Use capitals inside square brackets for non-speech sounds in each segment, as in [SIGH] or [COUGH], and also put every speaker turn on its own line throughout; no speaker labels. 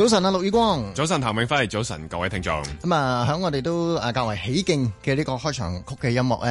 早
晨啊，陸宇光。早晨，譚永輝。早晨，各位聽眾。
咁啊，響我哋都誒較為起勁嘅呢個開場曲嘅音樂誒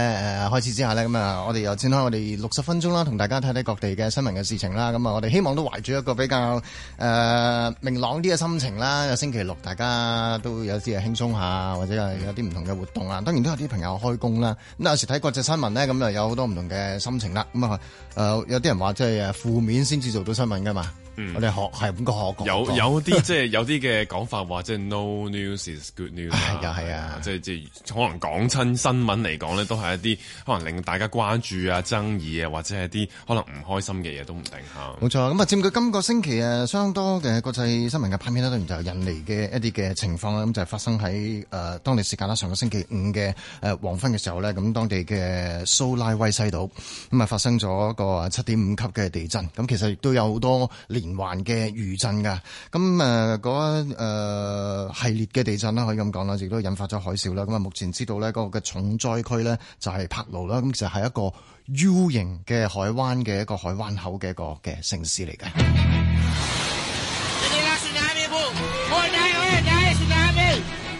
開始之下咧，咁啊，我哋又展開我哋六十分鐘啦，同大家睇睇各地嘅新聞嘅事情啦。咁啊，我哋希望都懷住一個比較誒、呃、明朗啲嘅心情啦。有星期六，大家都有啲誒輕鬆下，或者有啲唔同嘅活動啊。當然都有啲朋友開工啦。咁有時睇國際新聞咧，咁又有好多唔同嘅心情啦。咁、呃、啊，誒有啲人話即係誒負面先至做到新聞噶嘛。嗯、我哋學係咁個學有有啲
即係有啲嘅講法話，即係 No news is good news，係啊係啊，即係即係可能講親新聞嚟講咧，都係一啲可能令大家關注啊、爭議啊，或者係一啲可能唔開心嘅嘢都唔定吓。
冇 [LAUGHS] 錯，咁啊，佔據今個星期啊，相當多嘅國際新聞嘅篇幅，當然就係印尼嘅一啲嘅情況啦。咁就係發生喺誒、呃、當地時間啦，上個星期五嘅誒黃昏嘅時候咧，咁當地嘅蘇拉威西島咁啊發生咗個七點五級嘅地震。咁其實亦都有好多環嘅餘震噶，咁誒嗰誒系列嘅地震啦，可以咁講啦，亦都引發咗海嘯啦。咁啊，目前知道咧嗰個嘅重災區咧就係柏勞啦，咁其實係一個 U 型嘅海灣嘅一個海灣口嘅一個嘅城市嚟嘅。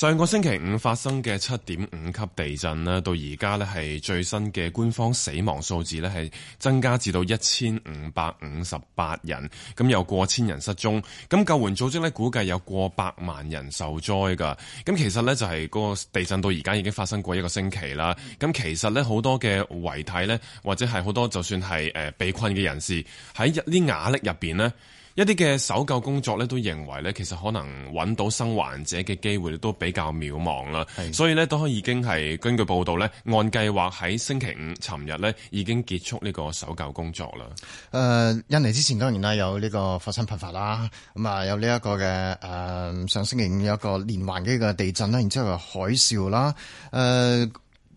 上個星期五發生嘅七點五級地震咧，到而家咧係最新嘅官方死亡數字咧係增加至到一千五百五十八人，咁有過千人失蹤，咁救援組織咧估計有過百萬人受災噶。咁其實呢，就係嗰個地震到而家已經發生過一個星期啦。咁其實呢，好多嘅遺體呢，或者係好多就算係誒被困嘅人士喺啲瓦礫入邊呢。一啲嘅搜救工作咧，都認為咧，其實可能揾到生還者嘅機會都比較渺茫啦。係，所以咧都已經係根據報道咧，按計劃喺星期五、尋日咧已經結束呢個搜
救工作啦。呃，印尼之前當然啦，有呢、呢個火山噴發啦，咁啊有呢一個嘅呃，上星期五有一個連環嘅地震啦，然之後海嘯啦。呃，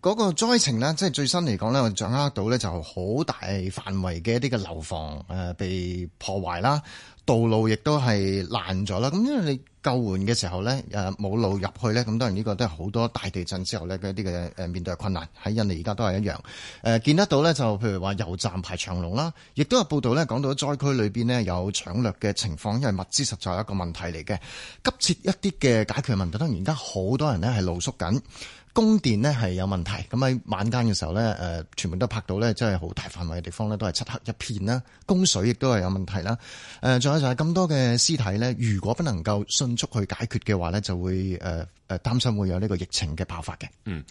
嗰、嗰個災情呢，即係最新嚟講咧，掌握到咧就好大範圍嘅一啲嘅樓房呃，被破壞啦。道路亦都係爛咗啦，咁因為你救援嘅時候咧，誒冇路入去咧，咁當然呢個都係好多大地震之後咧，一啲嘅面對嘅困難，喺印尼而家都係一樣。誒見得到咧，就譬如話油站排長龍啦，亦都有報道咧講到災區裏面呢，有搶掠嘅情況，因為物資實在係一個問題嚟嘅，急切一啲嘅解決問題，當然而家好多人咧係露宿緊。供電呢係有問題，咁喺晚間嘅時候咧，誒、呃、全部都拍到咧，即係好大範圍嘅地方咧都係漆黑一片啦。供水亦都係有問題啦。誒、呃，仲有就係咁多嘅屍體咧，如果不能夠迅速去解決嘅話咧，就會誒，呃擔心會有呢個疫情嘅爆發嘅。嗯，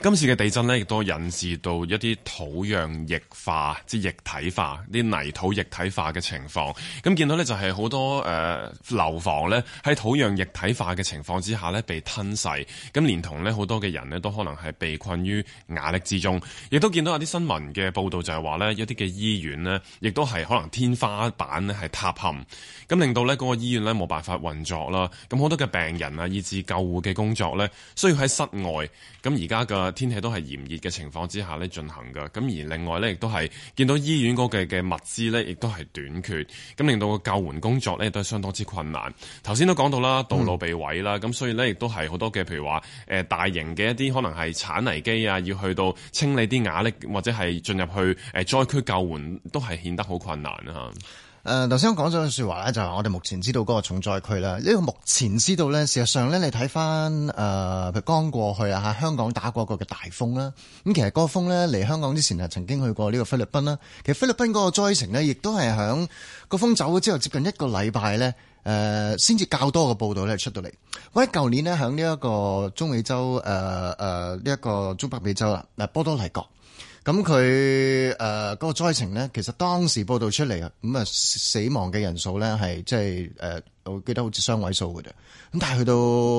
今次嘅地震呢，亦都引致到一啲土壤液化，即係液體化，啲泥土液體化嘅情況。咁見到呢，就係好多誒樓房呢，喺土壤液體化嘅情況之下呢，被吞噬，咁連同呢，好多嘅人呢，都可能係被困於瓦礫之中。亦都見到有啲新聞嘅報道就係話呢，一啲嘅醫院呢，亦都係可能天花板呢，係塌陷，咁令到呢嗰個醫院呢，冇辦法運作啦。咁好多嘅病人啊，以致救護嘅工工作呢，需要喺室外咁，而家嘅天氣都係炎熱嘅情況之下呢進行嘅。咁而另外呢，亦都係見到醫院嗰嘅物資呢，亦都係短缺，咁令到個救援工作呢，都係相當之困難。頭先都講到啦，道路被毀啦，咁、嗯、所以呢，亦都係好多嘅，譬如話誒大型嘅一啲可能係鏟泥機啊，要去到清理啲瓦礫或者係進入去誒災區救援，都係顯得好困難啊！
誒、呃，頭先講咗句說話咧，就係、是、我哋目前知道嗰個重災區啦。呢個目前知道咧，事實上咧，你睇翻，誒，譬如剛、呃、過去啊吓，香港打過個嘅大風啦。咁其實嗰個風咧嚟，香港之前啊，曾經去過呢個菲律賓啦。其實菲律賓嗰個災情呢，亦都係響個風走咗之後，接近一個禮拜咧，誒、呃，先至較多嘅報道咧出到嚟。我喺舊年呢，響呢一個中美洲誒誒呢一個中北美洲啦，嗱、呃、波多黎各。咁佢誒嗰個災情呢，其實當時報道出嚟啊，咁、嗯、啊死亡嘅人數呢，係即係誒，我記得好似雙位數嘅，咁但係去到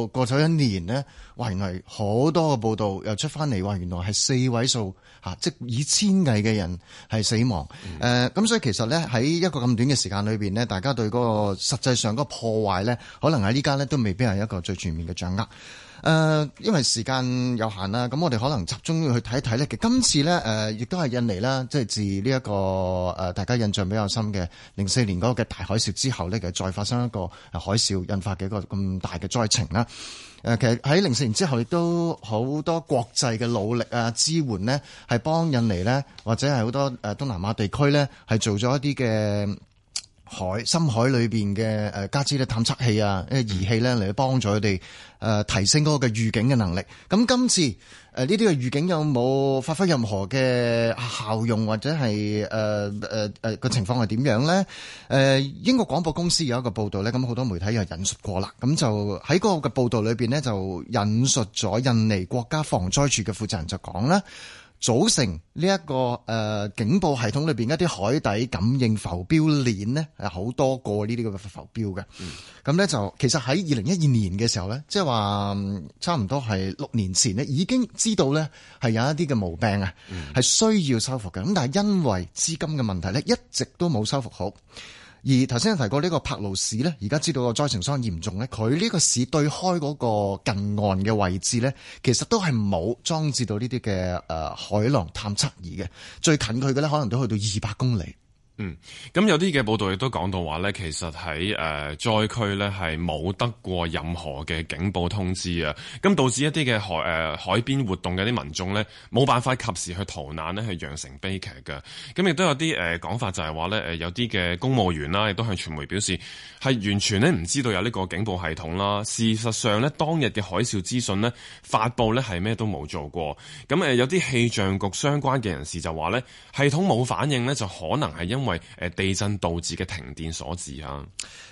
過咗一年呢，哇原來好多個報道又出翻嚟，話原來係四位數、啊、即以千位嘅人係死亡誒，咁、嗯呃、所以其實呢，喺一個咁短嘅時間裏面呢，大家對嗰個實際上嗰個破壞呢，可能喺依家呢，都未必係一個最全面嘅掌握。誒、呃，因為時間有限啦，咁我哋可能集中要去睇一睇咧。其實今次咧，誒、呃、亦都係印尼啦，即係自呢、這、一個誒、呃、大家印象比較深嘅零四年嗰個嘅大海嘯之後咧，其實再發生一個海嘯引發嘅一個咁大嘅災情啦。誒、呃，其實喺零四年之後，亦都好多國際嘅努力啊，支援咧，係幫印尼咧，或者係好多誒東南亞地區咧，係做咗一啲嘅。海深海裏邊嘅誒，加之咧探測器啊，一係儀器咧嚟去幫助佢哋誒提升嗰個嘅預警嘅能力。咁今次誒呢啲嘅預警有冇發揮任何嘅效用，或者係誒誒誒個情況係點樣咧？誒、呃、英國廣播公司有一個報導咧，咁好多媒體又引述過啦。咁就喺嗰個嘅報導裏邊咧，就引述咗印尼國家防災處嘅負責人就講啦。組成呢、這、一個誒、呃、警報系統裏邊一啲海底感應浮標鏈咧，係好多個呢啲咁嘅浮標嘅。咁、嗯、咧就其實喺二零一二年嘅時候咧，即係話差唔多係六年前呢，已經知道咧係有一啲嘅毛病啊，係需要修復嘅。咁、嗯、但係因為資金嘅問題咧，一直都冇修復好。而頭先有提過呢個柏露市咧，而家知道個災情相當嚴重咧，佢呢個市對開嗰個近岸嘅位置咧，其實都係冇裝置到呢啲嘅誒海浪探測儀嘅，最近佢嘅咧可能都去到二百公里。
嗯，咁有啲嘅報道亦都講到話咧，其實喺誒災區咧係冇得過任何嘅警報通知啊，咁、啊、導致一啲嘅海誒、呃、海邊活動嘅啲民眾咧冇辦法及時去逃難咧，去釀成悲劇嘅。咁亦都有啲誒講法就係話咧，誒有啲嘅公務員啦、啊，亦都向傳媒表示係完全咧唔知道有呢個警報系統啦、啊。事實上咧當日嘅海嘯資訊咧發佈咧係咩都冇做過。咁誒、呃、有啲氣象局相關嘅人士就話咧系統冇反應咧，就可能係因因為誒地震導致嘅停電所致啊。
誒、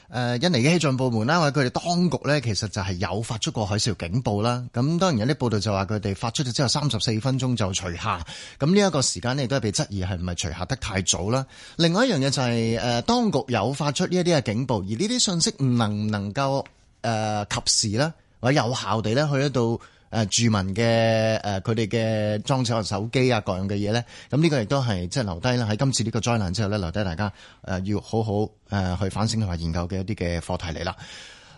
呃，印尼嘅氣象部門啦，話佢哋當局咧，其實就係有發出過海嘯警報啦。咁當然有啲報道就話佢哋發出咗之後三十四分鐘就除下。咁呢一個時間咧，亦都係被質疑係唔係除下得太早啦。另外一樣嘢，就係誒當局有發出呢一啲嘅警報，而呢啲信息唔能能夠誒及時咧或者有效地咧去咧到。誒住民嘅誒佢哋嘅裝置手機啊各樣嘅嘢咧，咁呢個亦都係即係留低啦。喺今次呢個災難之後咧，留低大家誒、呃、要好好誒、呃、去反省同埋研究嘅一啲嘅課題嚟啦。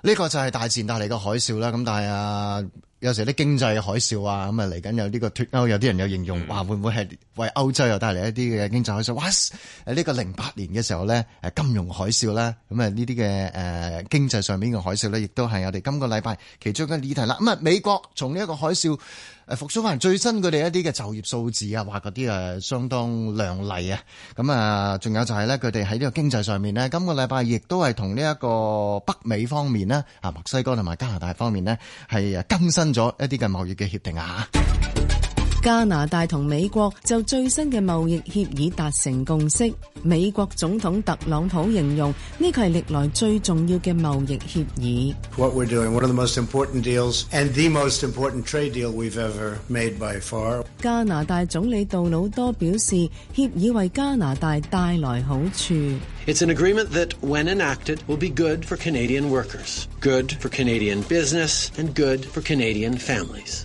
呢、呢個就係大自然帶嚟嘅海嘯啦。咁但係啊～有時啲經濟海嘯啊，咁啊嚟緊有呢個脫歐，有啲人有形容話會唔會係為歐洲又帶嚟一啲嘅經濟海嘯？哇！誒、這、呢個零八年嘅時候咧，金融海嘯啦，咁啊呢啲嘅誒經濟上面嘅海嘯咧，亦都係我哋今個禮拜其中嘅議題啦。咁、嗯、啊美國從呢一個海嘯誒復甦翻最新佢哋一啲嘅就業數字啊，話嗰啲啊相當亮麗啊。咁啊，仲有就係咧佢哋喺呢個經濟上面咧，今個禮拜亦都係同呢一個北美方面呢，啊墨西哥同埋加拿大方面咧係更新。咗一啲嘅貿易嘅協定啊。
加拿大同美國就最新嘅貿易協議達成共識。美國總統特朗普形容呢個係歷來最重要嘅貿易協
議。What we're doing, one of the most important deals, and the most important trade deal we've ever made by far.
加拿大總理杜魯多表示，協議為加拿大帶來好處。
It's an agreement that when enacted will be good for Canadian workers,
good for Canadian business, and good for Canadian families.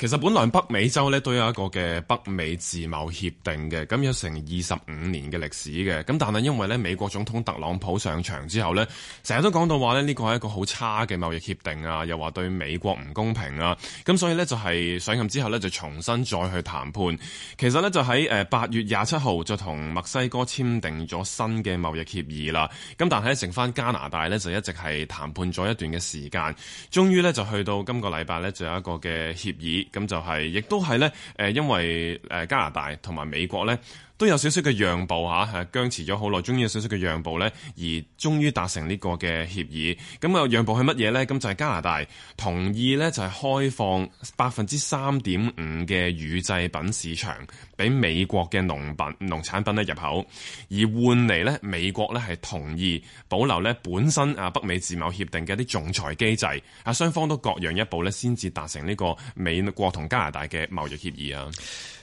其實本來北美洲咧都有一個嘅北美自貿協定嘅，咁有成二十五年嘅歷史嘅。咁但係因為咧美國總統特朗普上場之後呢成日都講到話咧呢個係一個好差嘅貿易協定啊，又話對美國唔公平啊。咁所以呢，就係上任之後呢，就重新再去談判。其實呢，就喺誒八月廿七號就同墨西哥簽訂咗新嘅貿易協議啦。咁但係剩返加拿大呢，就一直係談判咗一段嘅時間，終於呢，就去到今個禮拜呢，就有一個嘅協議。咁就係、是，亦都係咧，誒，因為誒加拿大同埋美國咧。都有少少嘅讓步嚇，係僵持咗好耐，終於有少少嘅讓步咧，而終於達成呢個嘅協議。咁啊，讓步係乜嘢呢？咁就係、是、加拿大同意呢就係開放百分之三點五嘅乳製品市場俾美國嘅農品、農產品咧入口，而換嚟呢美國呢係同意保留咧本身啊北美自貿協定嘅一啲仲裁機制。啊，雙方都各讓一步呢先至達成呢個美國同加拿大嘅貿易協議啊。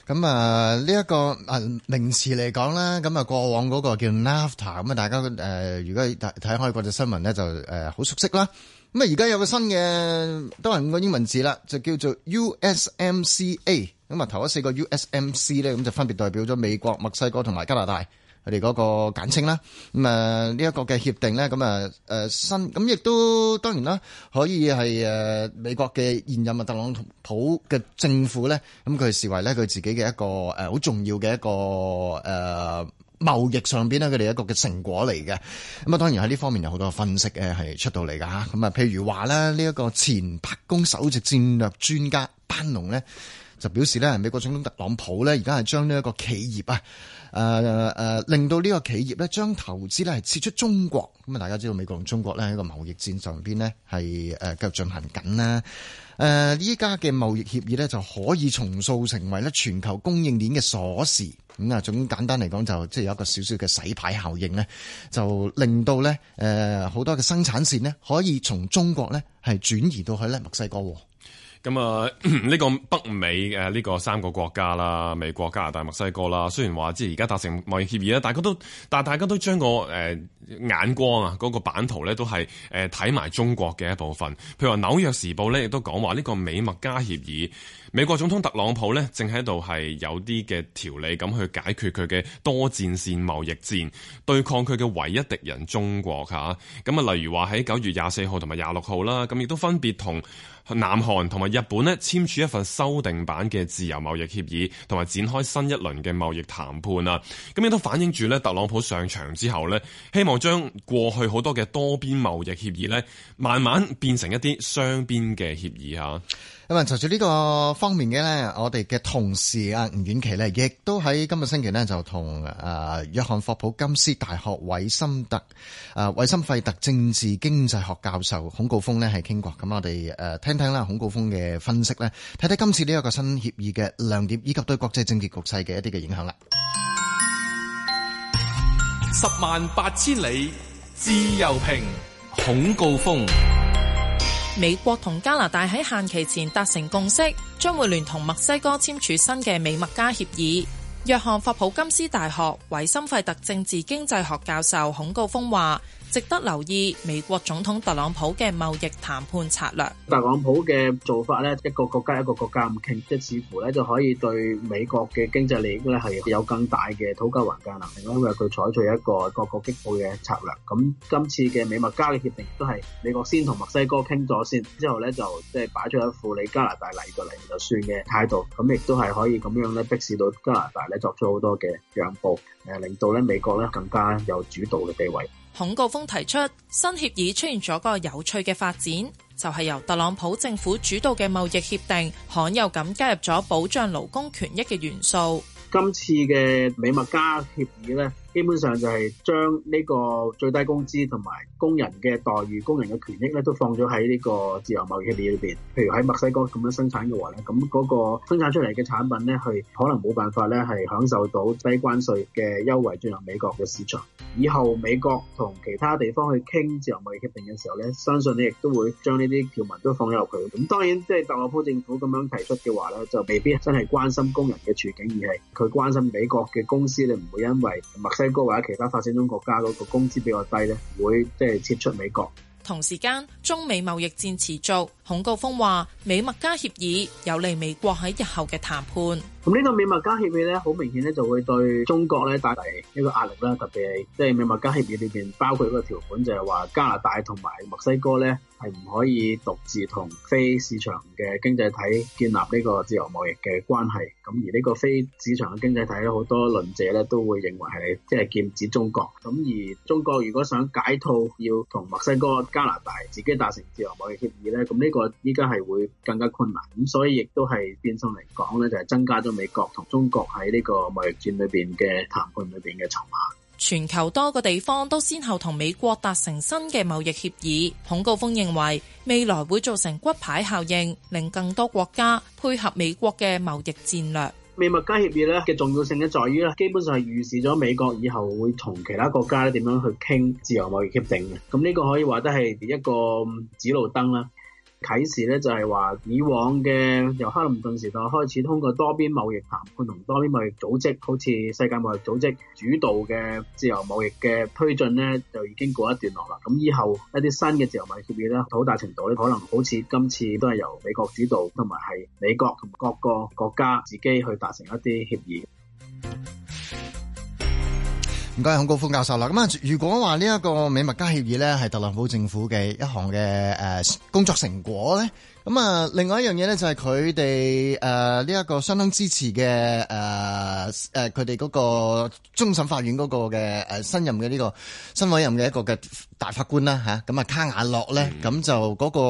咁、這個、啊，呢一個啊名詞嚟講啦，咁啊過往嗰個叫 NAFTA，咁啊大家誒、呃、如果睇睇開嗰隻新聞咧就誒好、呃、熟悉啦。咁啊而家有個新嘅都係五個英文字啦，就叫做 USMCA。咁啊頭嗰四個 USMC 咧，咁就分別代表咗美國、墨西哥同埋加拿大。佢哋嗰個簡稱啦，咁誒呢一個嘅協定咧，咁、呃、誒新，咁亦都當然啦，可以係誒、呃、美國嘅現任啊特朗普嘅政府咧，咁、嗯、佢視為咧佢自己嘅一個誒好、呃、重要嘅一個誒、呃、貿易上面呢，咧佢哋一個嘅成果嚟嘅，咁、嗯、啊當然喺呢方面有好多分析咧係出到嚟噶嚇，咁啊譬如話咧呢一個前白宮首席戰略專家班農咧。就表示咧，美國總統特朗普咧，而家係將呢一個企業啊，誒、呃呃、令到呢個企業咧，將投資咧係撤出中國。咁啊，大家知道美國同中國咧喺個貿易戰上邊呢，係誒繼續進行緊啦。誒、呃，依家嘅貿易協議咧，就可以重塑成為咧全球供應鏈嘅鎖匙。咁啊，總簡單嚟講，就即係有一個少少嘅洗牌效應咧，就令到咧誒好多嘅生產線呢，可以從中國咧係轉移到去咧墨西哥。
咁啊，呢個北美嘅呢個三個國家啦，美國、加拿大、墨西哥啦，雖然話即係而家達成貿易協議啦，但大家都但係大家都將個誒眼光啊，嗰個版圖咧都係誒睇埋中國嘅一部分。譬如話《紐約時報》咧，亦都講話呢個美墨加協議。美國總統特朗普呢，正喺度係有啲嘅條理咁去解決佢嘅多戰線貿易戰，對抗佢嘅唯一敵人中國嚇。咁啊，例如話喺九月廿四號同埋廿六號啦，咁亦都分別同南韓同埋日本呢簽署一份修訂版嘅自由貿易協議，同埋展開新一輪嘅貿易談判啊。咁亦都反映住呢，特朗普上場之後呢，希望將過去好多嘅多邊貿易協議呢，慢慢變成一啲雙邊嘅協議嚇。
咁啊，就住呢個方面嘅咧，我哋嘅同事阿吳婉琪咧，亦都喺今日星期咧就同誒、呃、約翰霍普金斯大學韋森特誒韋森費特政治經濟學教授孔誥烽咧係傾過，咁我哋誒、呃、聽聽啦孔誥烽嘅分析咧，睇睇今次呢一個新協議嘅亮點，以及對國際政治局勢嘅一啲嘅影響啦。十萬八千里自由評，孔誥烽。
美國同加拿大喺限期前達成共識，將會聯同墨西哥簽署新嘅美墨加協議。約翰霍普金斯大學偉森費特政治經濟學教授孔誥烽話。值得留意美國總統特朗普嘅貿易談判策略。特朗
普嘅做法咧，一個國家一個國家咁傾，即係似乎咧就可以對美國嘅經濟利益咧係有更大嘅討價還價能力咯。因為佢採取一個各個擊破嘅策略。咁今次嘅美墨加嘅協定都係美國先同墨西哥傾咗先，之後咧就即係擺出一副你加拿大嚟就嚟就算嘅態度。咁亦都係可以咁樣咧逼使到加拿大咧作出好多嘅讓步，誒令到咧美國咧更加有主導嘅地位。
孔誥烽提出新協議出現咗個有趣嘅發展，就係、是、由特朗普政府主導嘅貿易協定，罕有咁加入咗保障勞工權益嘅元素。
今次嘅美墨加協議咧。基本上就係將呢個最低工資同埋工人嘅待遇、工人嘅權益咧，都放咗喺呢個自由貿易協定裏面。譬如喺墨西哥咁樣生產嘅話咧，咁嗰個生產出嚟嘅產品咧，係可能冇辦法咧係享受到低關稅嘅優惠，進入美國嘅市場。以後美國同其他地方去傾自由貿易協定嘅時候咧，相信你亦都會將呢啲條文都放入去。咁當然即係特朗普政府咁樣提出嘅話咧，就未必真係關心工人嘅處境，而係佢關心美國嘅公司，你唔會因為墨西哥。高或者其他發展中國家嗰個工資比較低咧，會即係撤出美國。
同時間，中美貿易戰持續，孔誥烽話美墨加協議有利美國喺日後嘅談判。
咁、這、呢個美墨加協議咧，好明顯咧就會對中國咧帶嚟一個壓力啦，特別係即係美墨加協議裏面，包括嗰個條款，就係話加拿大同埋墨西哥咧係唔可以獨自同非市場嘅經濟體建立呢個自由貿易嘅關係。咁而呢個非市場嘅經濟體咧，好多論者咧都會認為係即係劍指中國。咁而中國如果想解套，要同墨西哥、加拿大自己達成自由貿易協議咧，咁、這、呢個依家係會更加困難。咁所以亦都係變相嚟講咧，就係增加咗美國同中國喺呢個貿易戰裏邊嘅談判裏邊嘅籌碼，
全球多個地方都先後同美國達成新嘅貿易協議。孔誥烽認為未來會造成骨牌效應，令更多國家配合美國嘅貿易戰略。
美墨加協議咧嘅重要性咧，在於咧，基本上係預示咗美國以後會同其他國家咧點樣去傾自由貿易協定嘅。咁呢個可以話得係一個指路燈啦。啟示咧就係話，以往嘅由克林頓時代開始通過多邊貿易談判同多邊貿易組織，好似世界貿易組織主導嘅自由貿易嘅推進咧，就已經過一段落啦。咁以後一啲新嘅自由貿易協議咧，好大程度咧可能好似今次都係由美國主導，同埋係美國同各個國家自己去達成一啲協議。
唔該，孔誥烽教授啦。咁啊，如果話呢一個美墨加協議咧，係特朗普政府嘅一項嘅誒工作成果咧？咁啊，另外一樣嘢咧就係佢哋誒呢一個相當支持嘅誒誒佢哋個終審法院個嘅誒新任嘅呢，這個新委任嘅一個嘅大法官啦吓，咁啊卡瓦諾咧，咁就，那個、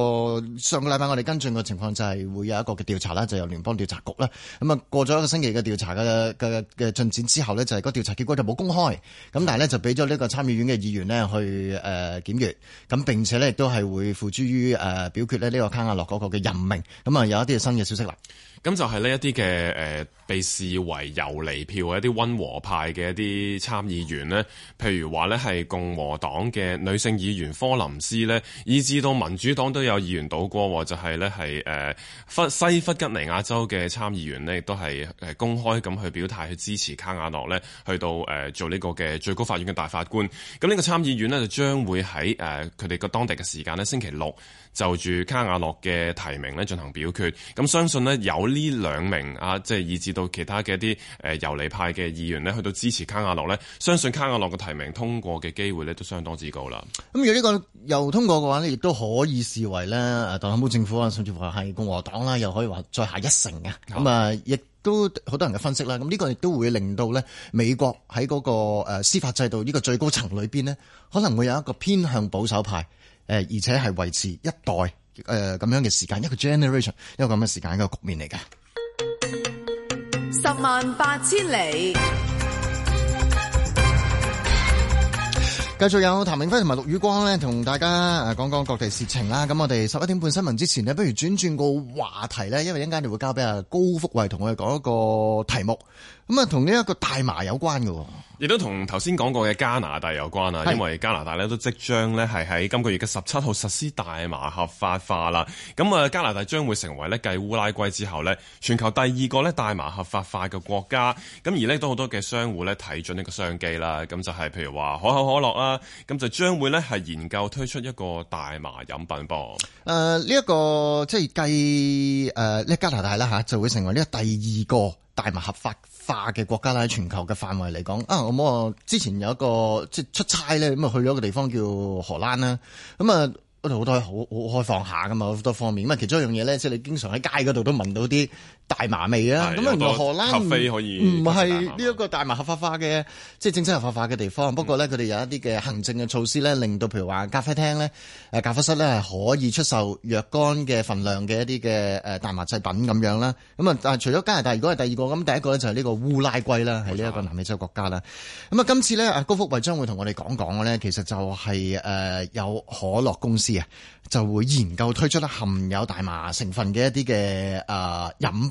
嗯、上個禮拜我哋跟進嘅情況就係會有一個嘅調查啦，就由聯邦調查局啦，咁啊過咗一個星期嘅調查嘅嘅嘅進展之後咧，就係、是、個調查結果就冇公開咁，但係咧就俾咗呢個參議院嘅議員咧去誒檢閱，咁，並且咧亦都係會付諸於誒表決咧呢個卡瓦諾、那個。嘅任命，咁啊有一啲新嘅消息啦，
咁就係呢一啲嘅誒，呃被視為遊離票嘅一啲溫和派嘅一啲參議員呢，譬如話呢係共和黨嘅女性議員科林斯呢，以至到民主黨都有議員賭過，就係呢係誒弗西弗吉尼亞州嘅參議員呢，亦都係誒公開咁去表態去支持卡瓦諾呢，去到誒做呢個嘅最高法院嘅大法官。咁、這、呢個參議員呢，就將會喺誒佢哋個當地嘅時間呢，星期六就住卡瓦諾嘅提名呢進行表決。咁相信呢，有呢兩名啊，即係以至。到其他嘅一啲誒遊離派嘅議員咧，去到支持卡瓦諾咧，相信卡瓦諾嘅提名通過嘅機會咧，都相當之高啦。
咁如果呢個又通過嘅話呢，亦都可以視為咧，特朗普政府啊，甚至乎係共和黨啦，又可以話再下一城啊。咁啊，亦都好多人嘅分析啦。咁呢個亦都會令到呢美國喺嗰個司法制度呢個最高層裏邊呢，可能會有一個偏向保守派誒，而且係維持一代誒咁樣嘅時間，一個 generation，一個咁嘅時間一個局面嚟嘅。
十萬
八千里，繼續有譚永輝同埋陸宇光咧，同大家講講各地事情啦。咁我哋十一點半新聞之前呢，不如轉轉個話題咧，因為一陣間你會交俾阿高福慧同我哋講一個題目。咁啊，同呢一個大麻有關嘅、
哦，亦都同頭先講過嘅加拿大有關啊。是因為加拿大咧都即將咧係喺今個月嘅十七號實施大麻合法化啦。咁啊，加拿大將會成為咧繼烏拉圭之後咧全球第二個咧大麻合法化嘅國家。咁而呢，都好多嘅商戶咧睇準呢個商機啦。咁就係譬如話可口可樂啊，咁就將會咧係研究推出一個大麻飲品噃。
誒、呃，呢、這、一個即係繼誒呢加拿大啦吓，就會成為呢個第二個大麻合法化嘅國家啦，喺全球嘅範圍嚟講啊，嗯、我冇啊，之前有一個即係出差咧，咁啊去咗一個地方叫荷蘭啦，咁、嗯、啊，嗰度好多好好開放下噶嘛，好多方面。咁啊，其中一樣嘢咧，即係你經常喺街嗰度都聞到啲。大麻味啊！咁啊，原、嗯、來荷蘭唔係呢一個大麻合法化嘅，即係正式合法化嘅地方。不過咧，佢、嗯、哋有一啲嘅行政嘅措施咧，令到譬如話咖啡廳咧、誒咖啡室咧係可以出售若干嘅份量嘅一啲嘅誒大麻製品咁樣啦。咁啊，但係除咗加拿大，如果係第二個，咁第一個咧就係呢個烏拉圭啦，係呢一個南美洲國家啦。咁啊，今次咧，高福慧將會同我哋講講嘅咧，其實就係、是、誒、呃、有可樂公司啊，就會研究推出咧含有大麻成分嘅一啲嘅誒飲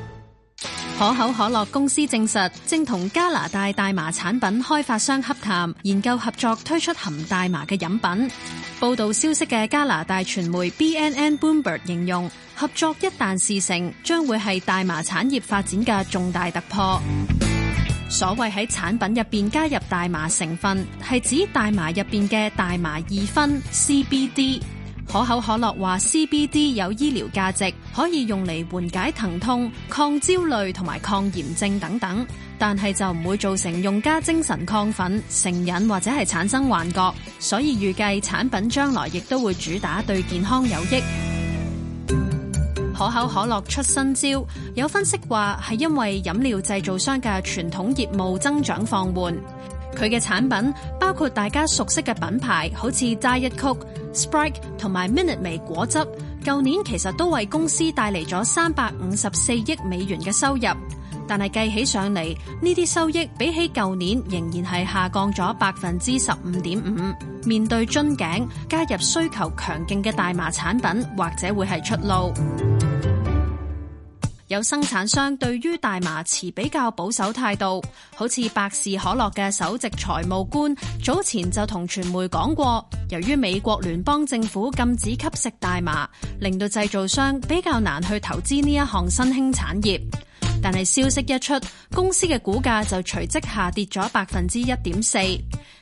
可口可樂公司證實正同加拿大大麻產品開發商洽談，研究合作推出含大麻嘅飲品。報道消息嘅加拿大傳媒 B N N Bloomberg 形容合作一旦事成，將會係大麻產業發展嘅重大突破。所謂喺產品入邊加入大麻成分，係指大麻入邊嘅大麻二酚 C B D。CBD 可口可樂話 CBD 有醫療價值，可以用嚟緩解疼痛、抗焦慮同埋抗炎症等等，但係就唔會造成用家精神亢奮、成癮或者係產生幻覺，所以預計產品將來亦都會主打對健康有益。可口可樂出新招，有分析話係因為飲料製造商嘅傳統業務增長放緩，佢嘅產品包括大家熟悉嘅品牌，好似 Diet Coke。Sprite 同埋 Minute Maid 果汁，舊年其實都為公司帶嚟咗三百五十四億美元嘅收入，但係計起上嚟，呢啲收益比起舊年仍然係下降咗百分之十五點五。面對樽頸，加入需求強勁嘅大麻產品，或者會係出路。有生產商對於大麻持比較保守態度，好似百事可樂嘅首席財務官早前就同傳媒講過，由於美國聯邦政府禁止吸食大麻，令到製造商比較難去投資呢一項新興產業。但係消息一出，公司嘅股價就隨即下跌咗百分之一點四。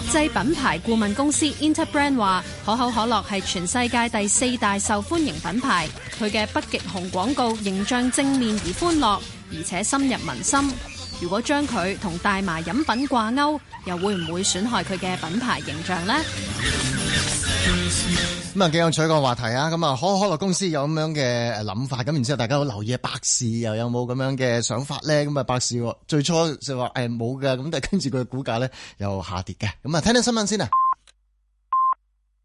國際品牌顧問公司 Interbrand 話：可口可樂係全世界第四大受歡迎品牌。佢嘅北極熊廣告形象正面而歡樂，而且深入民心。如果將佢同大麻飲品掛鈎，又會唔會損害佢嘅品牌形象呢？
咁啊，幾有趣個話題啊！咁啊，可口可樂公司有咁樣嘅誒諗法，咁然之後大家好留意百事又有冇咁樣嘅想法咧？咁啊，百事最初就話誒冇㗎。咁但係跟住佢嘅股價咧又下跌嘅，咁啊，聽聽新聞先啊！